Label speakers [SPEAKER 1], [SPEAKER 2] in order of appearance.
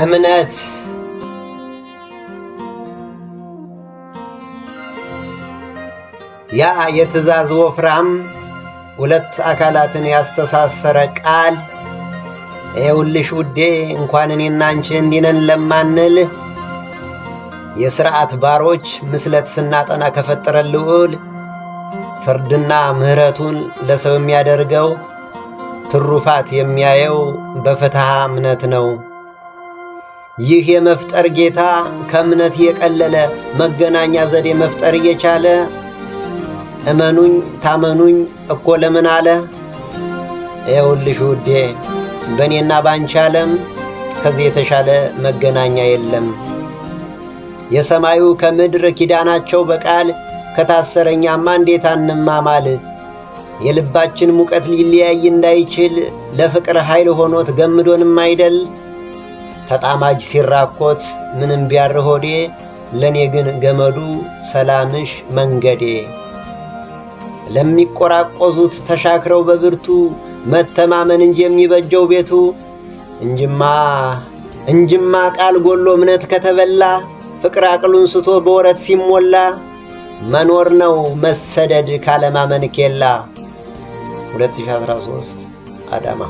[SPEAKER 1] እምነት ያ የትእዛዝ ወፍራም ሁለት አካላትን ያስተሳሰረ ቃል ይኸውልሽ ውዴ፣ እንኳን እኔና አንቺ እንዲነን ለማንል የሥርዓት ባሮች ምስለት ስናጠና ከፈጠረ ልዑል ፍርድና ምሕረቱን ለሰው የሚያደርገው ትሩፋት የሚያየው በፍትሐ እምነት ነው። ይህ የመፍጠር ጌታ ከእምነት የቀለለ መገናኛ ዘዴ መፍጠር እየቻለ እመኑኝ ታመኑኝ እኮ ለምን አለ? ይኸውልሽ ውዴ፣ በእኔና ባንቺ ዓለም ከዚህ የተሻለ መገናኛ የለም። የሰማዩ ከምድር ኪዳናቸው በቃል ከታሰረኛማ እንዴት አንማማል? የልባችን ሙቀት ሊለያይ እንዳይችል ለፍቅር ኃይል ሆኖት ገምዶንም አይደል? ተጣማጅ ሲራኮት ምንም ቢያር ሆዴ፣ ለእኔ ግን ገመዱ ሰላምሽ መንገዴ። ለሚቆራቆዙት ተሻክረው በብርቱ መተማመን እንጂ የሚበጀው ቤቱ እንጅማ እንጅማ ቃል ጎሎ እምነት ከተበላ ፍቅር አቅሉን ስቶ በወረት ሲሞላ መኖር ነው መሰደድ ካለማመን ኬላ 2013 አዳማ